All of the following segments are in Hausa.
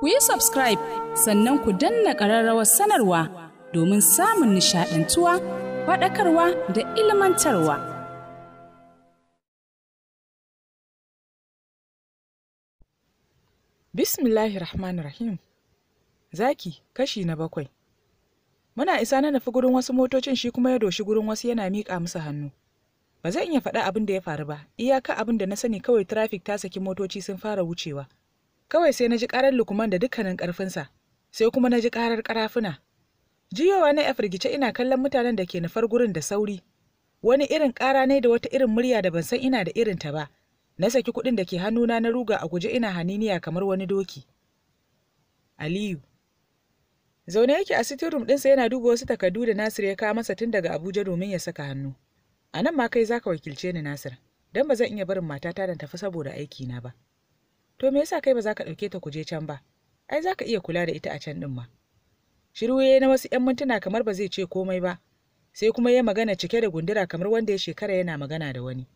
ku yi subscribe sannan ku danna ƙararrawar sanarwa domin samun nishaɗantuwa faɗakarwa da ilmantarwa. Bismillahi Rahim Zaki kashi na bakwai Muna isa na nufi gurin wasu motocin shi kuma ya doshi gurin wasu yana miƙa musu hannu. Ba zan iya faɗa abin da ya faru ba, iyaka abin da na sani kawai trafik ta saki motoci sun fara wucewa. kawai sai na ji karar lukuman da dukkanin ƙarfinsa sai kuma na ji karar karafuna jiyowa na ya firgice ina kallon mutanen da ke nufar gurin da sauri wani irin ƙara ne da wata irin murya da ban san ina da irin ta ba na saki kuɗin da ke hannuna na ruga a guje ina haniniya kamar wani doki aliyu zaune yake a sitting room ɗinsa yana duba wasu takardu da nasir ya kawo masa tun daga abuja domin ya saka hannu a nan ma kai zaka wakilce ni nasir don ba zan iya barin matata da tafi saboda aikina ba to me yasa kai ba za ka ɗauke ta kuje can ba ai za ka iya kula da ita a can ɗin ma shiru ya na wasu 'yan mintuna kamar ba zai ce komai ba sai kuma ya magana cike da gundura kamar wanda ya shekara yana magana da wani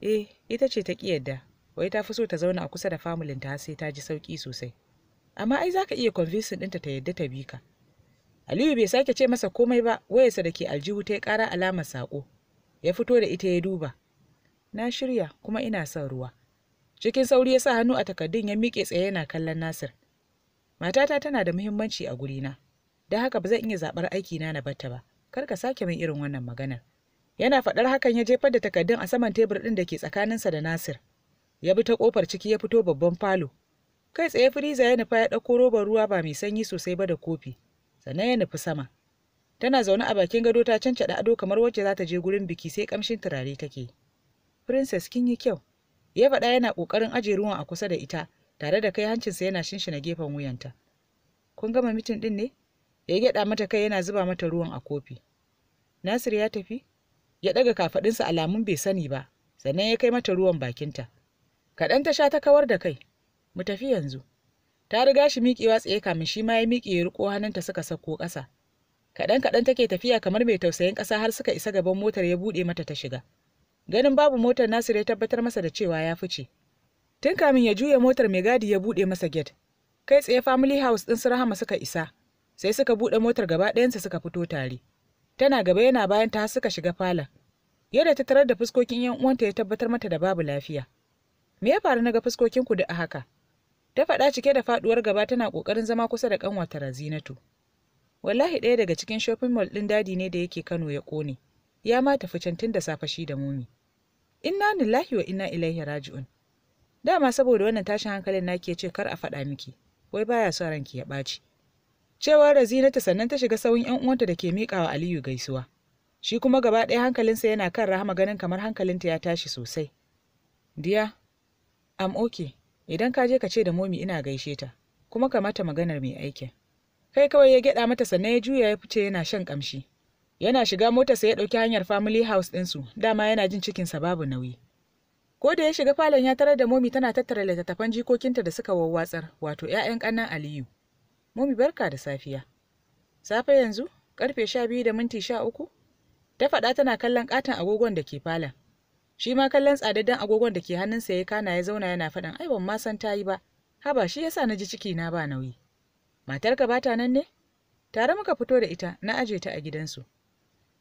eh ita ce ta yarda, wai ta fi so ta zauna a kusa da familin ta sai ta ji sauki sosai amma ai za ka iya convincing ɗinta ta yadda ta bi ka aliyu bai sake ce masa komai ba wayarsa da ke aljihu ta yi ƙara alamar saƙo ya fito da ita ya duba na shirya kuma ina son ruwa cikin sauri ya sa hannu a takardun ya miƙe tsaye yana kallon nasir matata tana da muhimmanci a gurina don haka ba zan iya zaɓar aikina na batta ba kar ka sake min irin wannan maganar yana faɗar hakan ya jefar da takardun a saman tebur ɗin da ke tsakaninsa da nasir ya bi ta ƙofar ciki ya fito babban falo kai tsaye firiza ya nufa ya ɗauko robar ruwa ba mai sanyi sosai ba da kofi sannan ya nufi sama tana zaune a bakin gado ta cancaɗa ado kamar wacce za ta je gurin biki sai ƙamshin turare take princess kin yi kyau ya faɗa yana ƙoƙarin ajiye ruwan a kusa da ita tare da kai hancinsa yana shinshina gefen wuyanta kun gama mitin ɗin ne ya gyaɗa mata kai yana zuba mata ruwan a kofi nasir ya tafi ya ɗaga kafaɗinsa alamun bai sani ba sannan ya kai mata ruwan bakinta kaɗan ta sha ta kawar da kai mu tafi yanzu ta riga shi miƙewa tsaye kamin shi ma ya miƙe ya riƙo hannunta suka sauko ƙasa kaɗan kaɗan take tafiya kamar mai tausayin ƙasa har suka isa gaban motar ya buɗe mata ta shiga ganin babu motar nasir ya tabbatar masa da cewa ya fice tun kamin ya juya motar mai gadi ya buɗe masa gate kai tsaye family house ɗin su rahama suka isa sai suka buɗe motar gaba ɗayansa suka fito tare tana gaba yana bayan ta suka shiga falon yadda ta tarar da fuskokin yan uwanta ya tabbatar mata da babu lafiya me ya faru na ga fuskokin ku da a haka ta faɗa cike da faɗuwar gaba tana ƙoƙarin zama kusa da ƙanwata razinatu wallahi ɗaya daga cikin shopping mall ɗin dadi ne da yake kano ya ƙone ya ma tafi can tun da safe shi da mumi inna lillahi wa inna ilaihi raji'un dama saboda wannan tashin hankalin nake ce kar a faɗa miki wai baya son ranki ya ɓaci cewar ta sannan ta shiga sauyin yan uwanta da ke wa aliyu gaisuwa shi kuma gaba ɗaya hankalinsa yana kan rahama ganin kamar hankalinta ya tashi sosai diya am oke idan ka je ka ce da momi ina gaishe ta kuma kamata maganar mai aikin kai kawai ya gyaɗa mata sannan ya juya ya fice yana shan ƙamshi yana shiga motarsa ya ɗauki hanyar family house ɗinsu dama yana jin cikinsa babu nauyi ko da ya shiga falon ya tarar da momi tana tattara littattafan jikokinta da suka wawwatsar wato 'ya'yan ƙannan aliyu momi barka da safiya safe yanzu karfe sha biyu da minti sha uku ta faɗa tana kallon ƙaton agogon da ke falon shi ma kallon tsadaddan agogon da ke hannunsa ya kana ya zauna yana faɗin ai ban ma san ta yi ba haba shi yasa na ji ciki na ba nauyi matarka ba nan ne tare muka fito da ita na aje ta a gidansu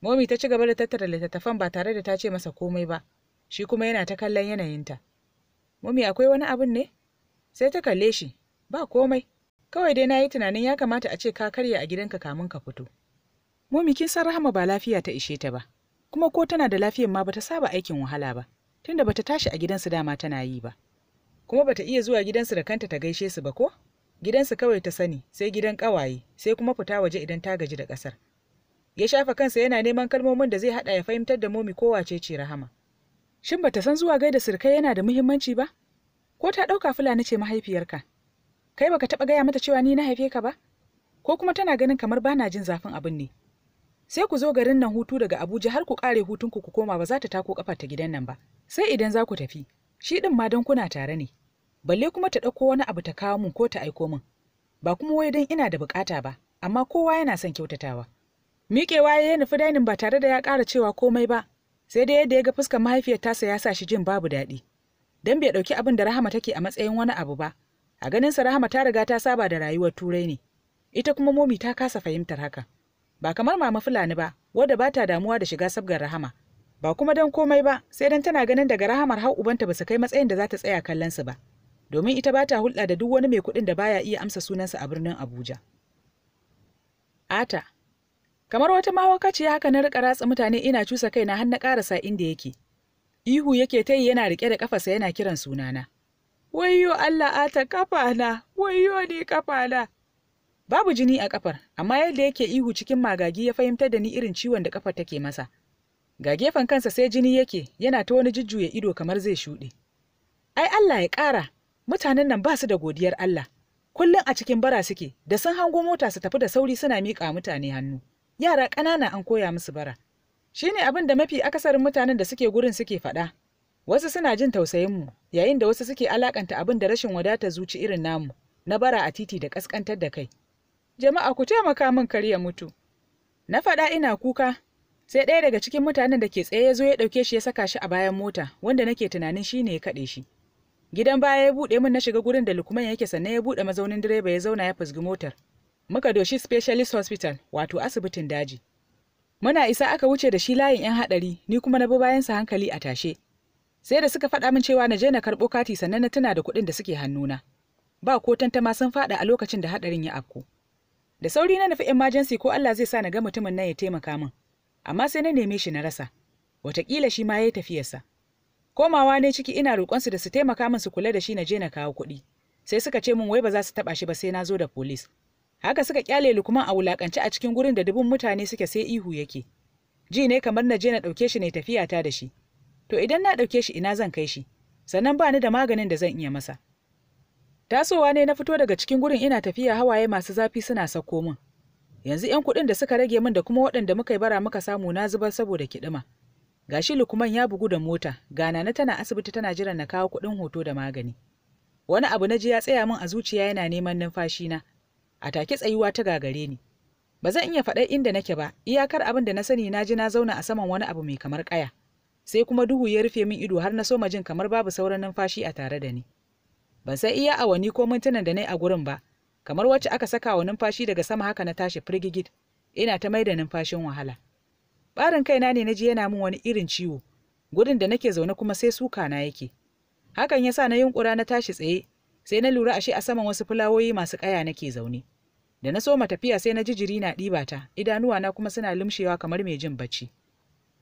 momi ta ci gaba da tattara littattafan ba tare da ta ce masa komai ba shi kuma yana ta kallon yanayinta momi akwai wani abin ne sai ta kalle shi ba komai kawai dai na yi tunanin ya kamata a ce ka karya a gidanka kamun ka fito momi kin san rahama ba lafiya ta ishe ta ba kuma ko tana da lafiyar ma bata saba aikin wahala ba tunda bata tashi a gidansu dama tana yi ba kuma bata iya zuwa gidansu da kanta ta gaishe su ba ko gidansu kawai ta sani sai gidan ƙawaye, sai kuma fita waje idan ta gaji da ƙasar. ya shafa kansa yana neman kalmomin da zai haɗa ya fahimtar da momi ko wace ce rahama shin bata san zuwa gaida sirkai yana da muhimmanci ba ko ta ɗauka fulani ce mahaifiyarka kai baka taɓa gaya mata cewa ni na haife ka ba ko kuma tana ganin kamar bana jin zafin abin ne sai ku zo garin nan hutu daga abuja har ku kare hutunku ku koma ba za ta tako ƙafar ta gidan nan ba sai idan za ku tafi shi ɗin ma don kuna tare ne balle kuma ta ɗauko wani abu ta kawo min ko ta aiko min ba kuma wai don ina da bukata ba amma kowa yana son kyautatawa miƙewa ya nufi dainin ba tare da ya ƙara cewa komai ba sai dai yadda ya ga fuskar mahaifiyar tasa ya sa shi jin babu daɗi Don bai ɗauki abin da rahama take a matsayin wani abu ba a ganinsa rahama ta riga ta saba da rayuwar turai ne ita kuma momi ta kasa fahimtar haka ba kamar mama fulani ba wadda ba ta damuwa da shiga sabgar rahama ba kuma don komai ba sai dan tana ganin daga rahamar har ubanta ba su kai matsayin da za ta tsaya kallon su ba domin ita ba ta hulɗa da duk wani mai kuɗin da baya iya amsa sunansa a birnin abuja ata kamar wata mahaukaciya haka na rika ratsa mutane ina cusa kaina har na karasa inda yake ihu yake ta yi yana rike da kafarsa yana kiran sunana wayyo Allah ata kafana wayyo ni kafana babu jini a kafar amma yadda yake ihu cikin magagi ya fahimtar da ni irin ciwon da kafar take masa ga gefen kansa sai jini yake yana ta wani jujjuya ido kamar zai shuɗe ai Allah ya ƙara mutanen nan ba su da godiyar Allah kullum a cikin bara suke da sun hango mota su tafi da sauri suna miƙa mutane hannu yara ƙanana an koya musu bara shi ne abin da mafi akasarin mutanen da suke gurin suke faɗa wasu suna jin tausayinmu yayin da wasu suke alakanta abin da rashin wadata zuci irin namu na bara a titi da ƙasƙantar da kai jama'a ku taimaka min karya mutu na faɗa ina kuka sai ɗaya daga cikin mutanen da ke tsaye ya zo ya ɗauke shi ya saka shi a bayan mota wanda nake tunanin shi ne ya kaɗe shi gidan baya ya buɗe min na shiga gurin da lukman yake sannan ya buɗe mazaunin direba ya zauna ya fusgi motar muka doshi specialist hospital wato asibitin daji muna isa aka wuce da shi layin 'yan haɗari ni kuma na bi bayan bayansa hankali a tashe sai da suka faɗa min cewa na je na karɓo kati sannan na tuna da kuɗin da suke hannuna ba ko tantama sun faɗa a lokacin da haɗarin ya afku da sauri na nufi emergency ko Allah zai sa na ga mutumin nan ya taimaka min amma sai na neme shi na rasa wataƙila shi ma ya yi tafiyarsa komawa ne ciki ina roƙonsu da su taimaka min su kula da shi na je na kawo kuɗi sai suka ce min wai ba za su taɓa shi ba sai na zo da police haka suka kyale lukman a wulakance a cikin gurin da dubun mutane suke sai ihu yake ji ne kamar na je na ɗauke shi ne tafiya ta da shi to idan na ɗauke shi ina zan kai shi sannan ba ni da maganin da zan iya masa tasowa ne na fito daga cikin gurin ina tafiya hawaye masu zafi suna sauko min yanzu 'yan kuɗin da suka rage min da kuma waɗanda muka yi bara muka samu na zubar saboda kiɗima gashi lukuman ya bugu da mota gana na tana asibiti tana jiran na kawo kuɗin hoto da magani wani abu na ji ya tsaya min a zuciya yana neman numfashi na a take tsayuwa ta gagare ni ba zan iya faɗar inda nake ba iyakar abin da na sani na ji na zauna a saman wani abu mai kamar ƙaya sai kuma duhu ya rufe min ido har na so jin kamar babu sauran numfashi a tare da ni ban san iya awanni ko mintunan da na a gurin ba kamar wacce aka saka wa numfashi daga sama haka na tashi firgigit ina ta mai da numfashin wahala ɓarin kaina ne na ji yana min wani irin ciwo gudun da nake zaune kuma sai suka na yake hakan ya sa na yunkura na tashi tsaye sai na lura ashe a saman wasu fulawoyi masu ƙaya nake zaune da na soma tafiya sai na jijiri na ɗiba ta idanuwana kuma suna lumshewa kamar mai jin bacci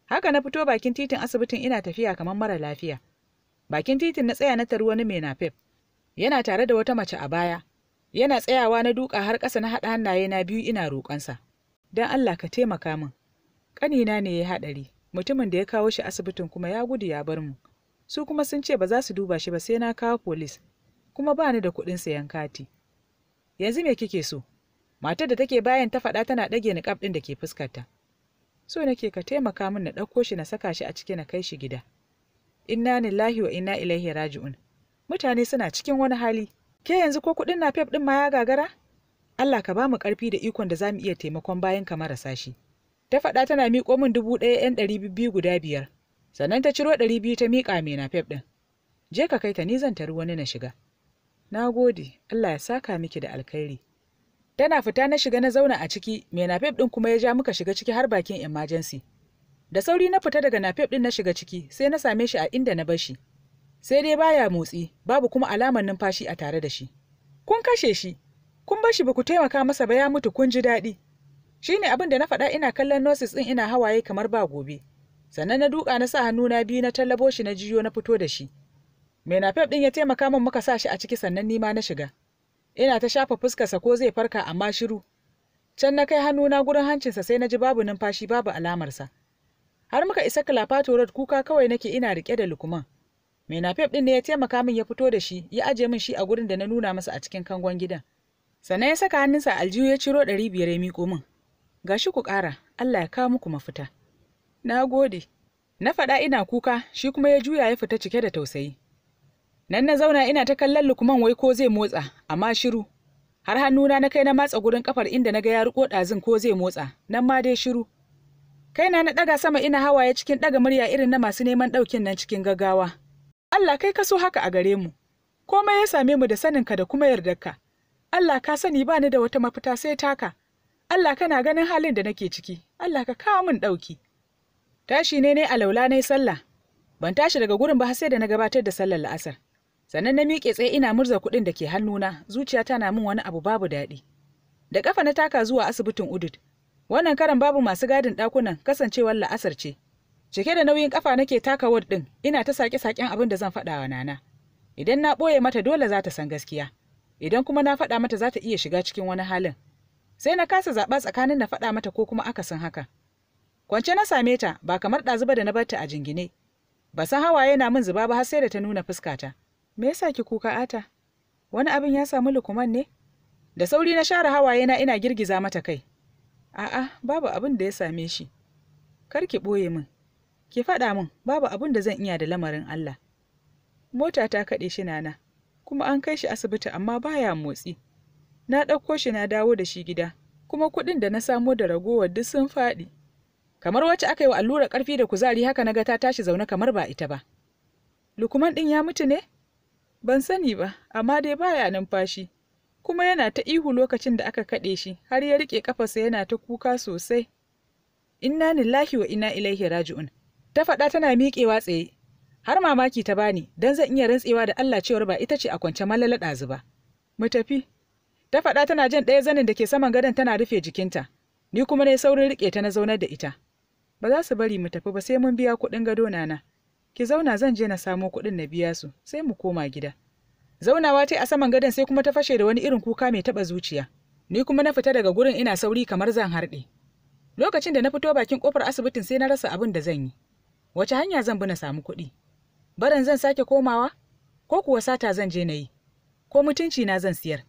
haka na fito bakin titin asibitin ina tafiya kamar mara lafiya bakin titin na tsaya na tari wani mai nafef yana tare da wata mace a baya yana tsayawa na duka har ƙasa na haɗa hannaye na biyu ina roƙonsa don allah ka taimaka min ƙanina ne ya haɗari mutumin da ya kawo shi asibitin kuma ya gudu ya bar mu su kuma sun ce ba za su duba shi ba sai na kawo polis kuma ba ni da kuɗin sayan kati yanzu me kike so matar da take bayan ta faɗa tana ɗage ƙaf ɗin da ke fuskarta so nake ka taimaka min na ɗauko shi na saka shi a ciki na kai shi gida inna ni lahi wa inna ilaihi raji'un mutane suna cikin wani hali ke yanzu ko kuɗin na fef ɗin ma ya gagara Allah ka ba mu ƙarfi da ikon da za mu iya taimakon bayan ka marasa shi ta faɗa tana miƙo min dubu ɗaya yan ɗari biyu guda biyar sannan ta ciro ɗari biyu ta miƙa mai na fef ɗin je ka kai ta ni zan tari wani na shiga na gode allah ya saka miki da alkhairi tana fita na shiga na zauna a ciki mai nafef ɗin kuma ya ja muka shiga ciki har bakin emergency da sauri na fita daga nafef ɗin na shiga ciki sai na same shi a inda na bar shi sai dai baya motsi babu kuma alamar numfashi a tare da shi kun kashe shi kun bar shi ba ku taimaka masa ba ya mutu kun ji daɗi shine abin da na faɗa ina kallon nurses ɗin ina hawaye kamar ba gobe sannan na duka na sa hannu na biyu na tallabo shi na jiyo na fito da shi menafef ɗin ya taimaka min muka sa shi a ciki sannan nima na shiga ina ta shafa fuskarsa ko zai farka amma shiru can na kai hannuna gurin hancinsa sai na ji babu numfashi babu alamarsa har muka isa kilafato road kuka kawai nake ina rike da lukuman menafef ɗin ne ya taimaka min ya fito da shi ya aje min shi a gurin da na nuna masa a cikin kangon gidan sannan ya saka hannunsa a aljihu ya ciro ɗari biyar ya miƙo min gashi ku ƙara allah ya kawo muku mafita na gode na faɗa ina kuka shi kuma ya juya ya fita cike da tausayi nan na zauna ina ta kallon lukman wai ko zai motsa amma shiru har hannuna na kai na matsa gurin kafar inda na ga ya riko ɗazin ko zai motsa nan ma dai shiru kaina na ɗaga sama ina hawaye cikin ɗaga murya irin na masu neman ɗaukin nan cikin gaggawa Allah kai ka so haka a gare mu komai ya same mu da saninka da kuma yardarka Allah ka sani ba ni da wata mafita sai taka Allah kana ganin halin da nake ciki Allah ka kawo min ɗauki tashi ne ne a laula na sallah ban tashi daga gurin ba sai da na gabatar da sallar la'asar sannan na miƙe tsaye ina murza kuɗin da ke hannuna zuciya na min wani abu babu daɗi da ƙafa na taka zuwa asibitin udud wannan karan babu masu gadin ɗakunan kasancewar la'asar ce cike da nauyin ƙafa nake taka ward ɗin ina ta saƙe-saƙen abin da zan faɗa wa nana idan na ɓoye mata dole za ta san gaskiya idan kuma na faɗa mata za ta iya shiga cikin wani halin sai na kasa zaɓa tsakanin na faɗa mata ko kuma akasin haka kwance na same ta ba kamar ɗazuba da na barta a jingine ba san hawaye na min zuba ba har sai da ta nuna fuskata me yasa ki kuka ata wani abin ya samu lukuman ne da sauri na share hawaye na ina girgiza mata kai a'a babu abin da ya same shi kar ki ɓoye min ki faɗa min babu abin da zan iya da lamarin Allah mota ta kaɗe shi nana kuma an kai shi asibiti amma baya motsi na ɗauko shi na dawo da shi gida kuma kuɗin da na samo da ragowar duk sun faɗi kamar wacce aka yi wa allurar ƙarfi da kuzari haka na ga ta tashi zaune kamar ba ita ba lukuman ɗin ya mutu ne Ban sani ba, amma dai baya numfashi. Kuma yana ta ihu lokacin da aka kaɗe shi, har ya riƙe kafarsa yana ta kuka sosai. Inna lillahi wa inna ilaihi raji'un. Ta faɗa tana miƙewa tsaye. Har mamaki ta bani, don zan iya rantsewa da Allah cewar ba ita ce a kwance malala ɗazu ba. Mu tafi. Ta faɗa tana jan ɗaya zanin da ke saman gadon tana rufe jikinta. Ni kuma ne saurin riƙe ta na zaunar da ita. Ba za su bari mu tafi ba sai mun biya kuɗin gado nana. ki zauna zan je na samo kuɗin na biya su sai mu koma gida zaunawa ta a saman gadon sai kuma ta fashe da wani irin kuka mai taɓa zuciya ni kuma na fita daga gurin ina sauri kamar zan harɗe lokacin da na fito bakin kofar asibitin sai na rasa abin da zan yi wace hanya zan bi na samu kuɗi barin zan sake komawa ko kuwa sata zan je na yi ko mutunci na zan siyar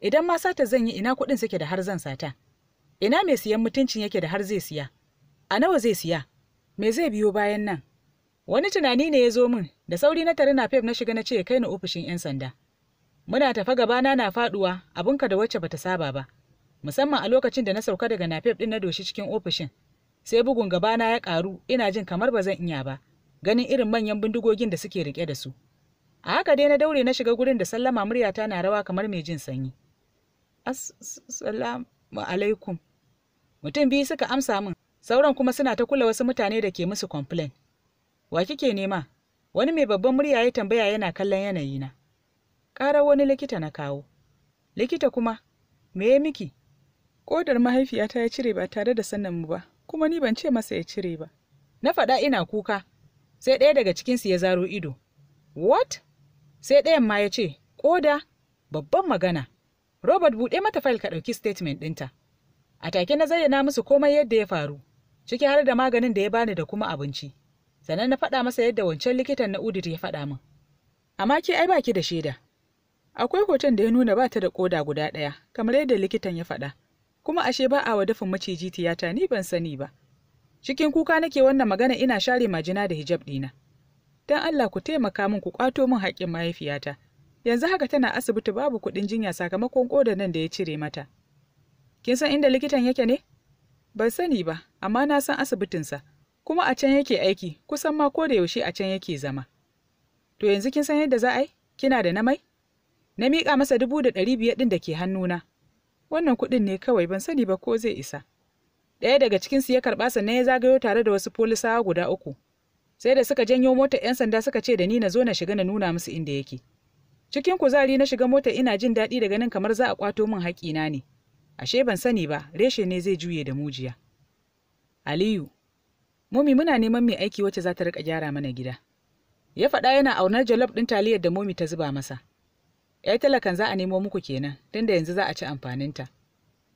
idan ma sata zan yi ina kuɗin suke da har zan sata ina mai siyan mutuncin yake da har zai siya a nawa zai siya me zai biyo bayan nan wani tunani ne ya zo min da sauri na tare na fef na shiga na ce ya kai ni ofishin 'yan sanda muna tafa gabana na faduwa ka da wacce bata saba ba musamman a lokacin da na sauka daga nafef din na doshi cikin ofishin sai bugun gabana ya karu ina jin kamar ba zan iya ba ganin irin manyan bindigogin da suke rike da su a haka dai na daure na shiga gurin da sallama muryata na rawa kamar mai jin sanyi assalamu alaikum mutum biyu suka amsa min sauran kuma suna ta kula wasu mutane da ke musu complain wa kike nema wani mai babban murya ya tambaya yana kallon yanayi na. ƙarar wani likita na kawo likita kuma me ya miki ƙodar mahaifiyata ya cire ba tare da sannan mu ba kuma ni ban ce masa ya cire ba na faɗa ina kuka sai ɗaya daga cikinsu ya zaro ido what sai ɗayan ma ya ce ƙoda babban magana robert buɗe mata fayil ka ɗauki statement ɗinta a take na zayyana musu komai yadda ya faru ciki har da maganin da ya bani da kuma abinci sannan na faɗa masa yadda wancan likitan na udir ya faɗa min amma ke ai baki da shaida akwai hoton da ya nuna ba ta da koda guda ɗaya kamar yadda likitan ya faɗa kuma ashe ba a wa dafin maciji tiyata ni ban sani ba cikin kuka nake wannan magana ina share majina da hijab ɗina don allah ku taimaka min ku kwato min haƙƙin mahaifiyata yanzu haka tana asibiti babu kuɗin jinya sakamakon koda nan da ya cire mata kin san inda likitan yake ne ban sani ba amma na san asibitinsa kuma a can yake aiki kusan ma ko da yaushe a can yake zama to yanzu kin san yadda za a yi kina da namai na miƙa masa dubu da ɗari biyar ɗin da ke hannuna wannan kuɗin ne kawai ban sani ba ko zai isa ɗaya daga cikinsu ya karɓa sannan ya zagayo tare da wasu polisawa guda uku sai da suka janyo mota 'yan sanda suka ce da ni na zo na shiga na nuna musu inda yake cikin kuzari na shiga mota ina jin daɗi da ganin kamar za a kwato min haƙƙina ne ashe ban sani ba reshe ne zai juye da mujiya aliyu Momi muna neman mai aiki wacce za ta rika gyara mana gida. Ya faɗa yana aunar jalof ɗin taliyar da Momi ta zuba masa. ya talakan za a nemo muku kenan, tunda da yanzu za a ci amfaninta.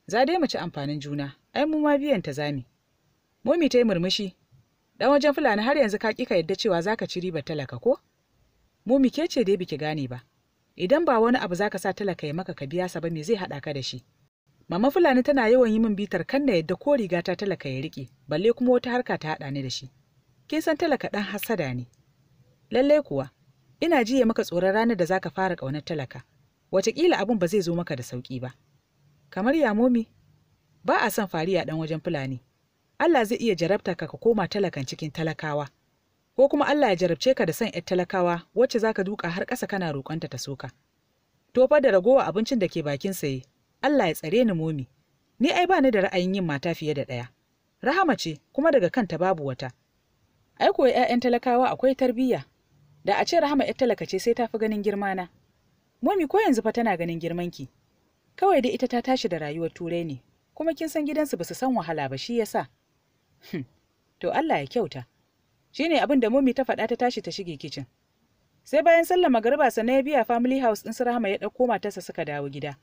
Za dai mu ci amfanin juna, ai mu ma biyan ta zami. Momi ta yi murmushi. Dan wajen Fulani har yanzu ka ƙi ka yadda cewa za ka ci ribar talaka ko? Momi ke ce dai biki gane ba. Idan ba wani abu za ka sa talaka ya maka ka biya sa ba me zai haɗa ka da shi? Mama Fulani tana yawan yi min bitar kan da yadda ko riga ta talaka ya riƙe, balle kuma wata harka ta haɗa ni da shi. Kin san talaka ɗan hassada ne. Lallai kuwa, ina jiya maka tsoron ranar da zaka fara ƙaunar talaka. Wataƙila abin ba zai zo maka da sauƙi ba. Kamar ya momi, ba a son fariya ɗan wajen Fulani. Allah zai iya jarabta ka ka koma talakan cikin talakawa. Ko kuma Allah ya jarabce ka da son 'yar talakawa wacce zaka duka har ƙasa kana roƙonta ta soka. Tofar da ragowa abincin da ke bakin saye Allah ya tsare ni momi ni ai bani da ra'ayin yin mata fiye da ɗaya rahama ce kuma daga kanta babu wata ai kuwa 'ya'yan talakawa akwai tarbiyya da a ce rahama 'yar talaka ce sai ta fi ganin girma na momi ko yanzu fa tana ganin girmanki kawai dai ita ta tashi da rayuwar turai ne kuma kin san gidansu ba su san wahala ba shi ya sa. Hmm, to Allah ya kyauta ne abin da momi ta faɗa ta tashi ta shige kicin sai bayan sallar garba sannan ya biya family house ɗin su rahama ya ɗauko matarsa suka dawo gida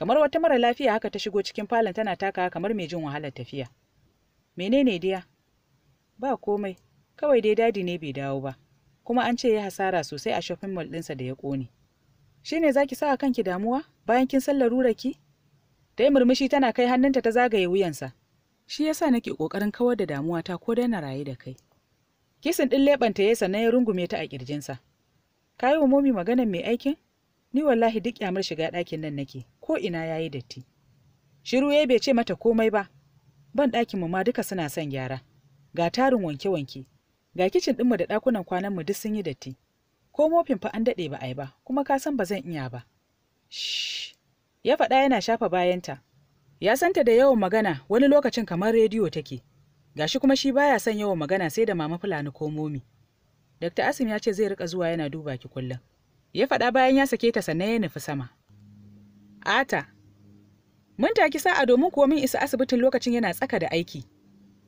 kamar wata mara lafiya haka ta shigo cikin falon tana takawa kamar mai jin wahalar tafiya menene diya ba komai kawai dai dadi ne bai dawo ba kuma an ce ya hasara sosai a shopping mall ɗinsa da ya ƙone shine zaki sa kanki damuwa bayan kin san larurarki ta yi murmushi tana kai hannunta ta zagaye wuyansa shi yasa nake kokarin kawar da damuwata ta ko na raye da kai kisin ɗin leɓanta ya sannan ya rungume ta a ƙirjinsa ka yi wa momi maganar mai aikin ni wallahi duk yamar shiga ɗakin nan nake ko'ina ya yi datti shiru ya bai ce mata komai ba ban mu ma duka suna son gyara ga tarin wanke-wanke ga kicin ɗinmu da ɗakunan kwananmu duk sun yi datti ko mofin fa an daɗe ba a yi ba kuma ka san ba zan iya ba ya faɗa yana shafa bayanta ya santa da yawan magana wani lokacin kamar rediyo take gashi kuma shi baya son yawan magana sai da mama fulani ko momi dr asim ya ce zai rika zuwa yana duba ki kullum ya faɗa bayan ya sake ta sannan ya nufi sama Ata. Mun taki sa'a domin kuwa mun isa asibitin lokacin yana tsaka da aiki.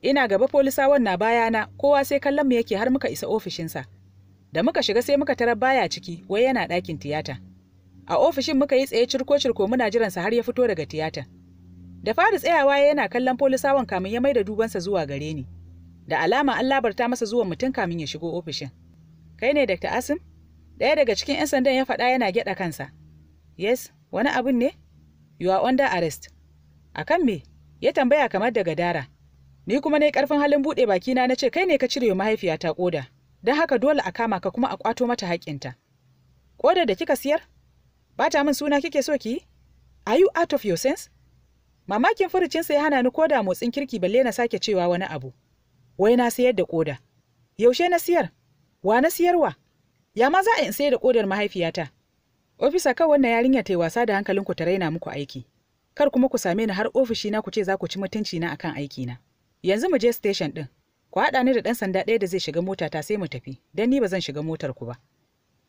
Ina gaba polisawan na bayana kowa sai kallon mu yake har muka isa ofishinsa. Da muka shiga sai muka tarar baya ciki wai yana ɗakin tiyata. A ofishin muka yi tsaye cirko-cirko muna jiransa har ya fito daga tiyata. Da fara tsayawa yana kallon polisawan kamin ya mai da dubansa zuwa gare ni. Da alama an labarta masa zuwa mutum kamin ya shigo ofishin. Kai ne Dr. Asim? Ɗaya daga cikin 'yan sandan ya faɗa yana gyaɗa kansa. Yes, wani abin ne you are under arrest akan me ya tambaya kamar daga dara ni kuma ne ƙarfin halin buɗe bakina na ce kai ne ka cire mahaifiyata koda don haka dole a kama ka kuma a kwato mata haƙƙinta Ƙodar da kika siyar Ba ta min suna kike so ki are you out of your sense mamakin furucinsa ya hana ni koda motsin kirki balle na sake cewa wani abu wai na sayar da koda yaushe na siyar wa na siyarwa ya ma za a in sayar da kodar mahaifiyata ofisa kan wannan yarinya ta yi wasa da hankalin ku ta raina muku aiki kar kuma ku same ni har ofishi na ku ce za ku ci mutunci na akan aiki na yanzu mu je station din ku haɗa ni da ɗan sanda ɗaya da zai shiga mota ta sai mu tafi don ni ba zan shiga motar ku ba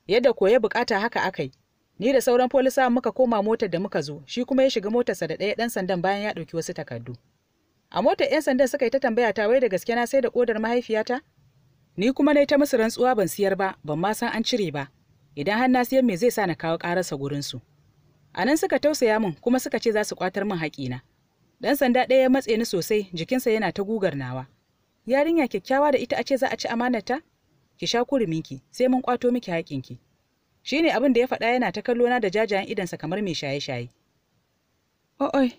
yadda ko ya bukata haka akai ni da sauran polisa muka koma motar da muka zo shi kuma ya shiga motarsa da ɗaya ɗan sandan bayan ya ɗauki wasu takardu a motar 'yan sandan suka yi ta tambaya ta wai da gaske na sai da kodar mahaifiyata ni kuma na yi ta musu rantsuwa ban siyar ba ban ma san an cire ba idan har na siyan me zai sa na kawo ƙararsa gurinsu a nan suka tausaya min kuma suka ce za su ƙwatar min haƙina ɗan sanda ɗaya ya matse ni sosai jikinsa yana ta gugar nawa yarinya kyakkyawa da ita a ce za a ci amanarta ki sha ki, sai mun ƙwato miki haƙinki shi ne abin da ya faɗa yana ta kallona da jajayen idansa kamar mai shaye-shaye o'oi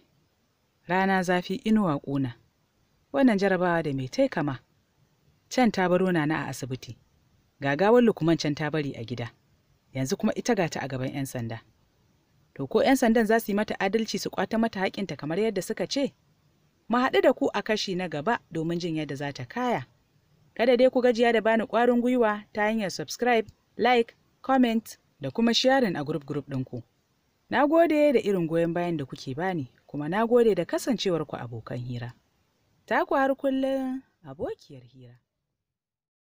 rana zafi inuwa ƙuna wannan jarabawa da mai tai kama can ta baro na a asibiti gagawar lukuman can ta bari a gida yanzu kuma ita gata a gaban 'yan sanda to ko 'yan sandan za su yi mata adalci su kwata mata haƙinta kamar yadda suka ce mu haɗu da ku a kashi na gaba domin jin yadda za ta kaya kada dai ku gajiya da bani ƙwarin gwiwa ta hanyar subscribe like comment da kuma sharing a group group ɗinku na gode da irin goyon bayan da kuke bani kuma na gode da kasancewarku abokan hira ta ku har kullum abokiyar hira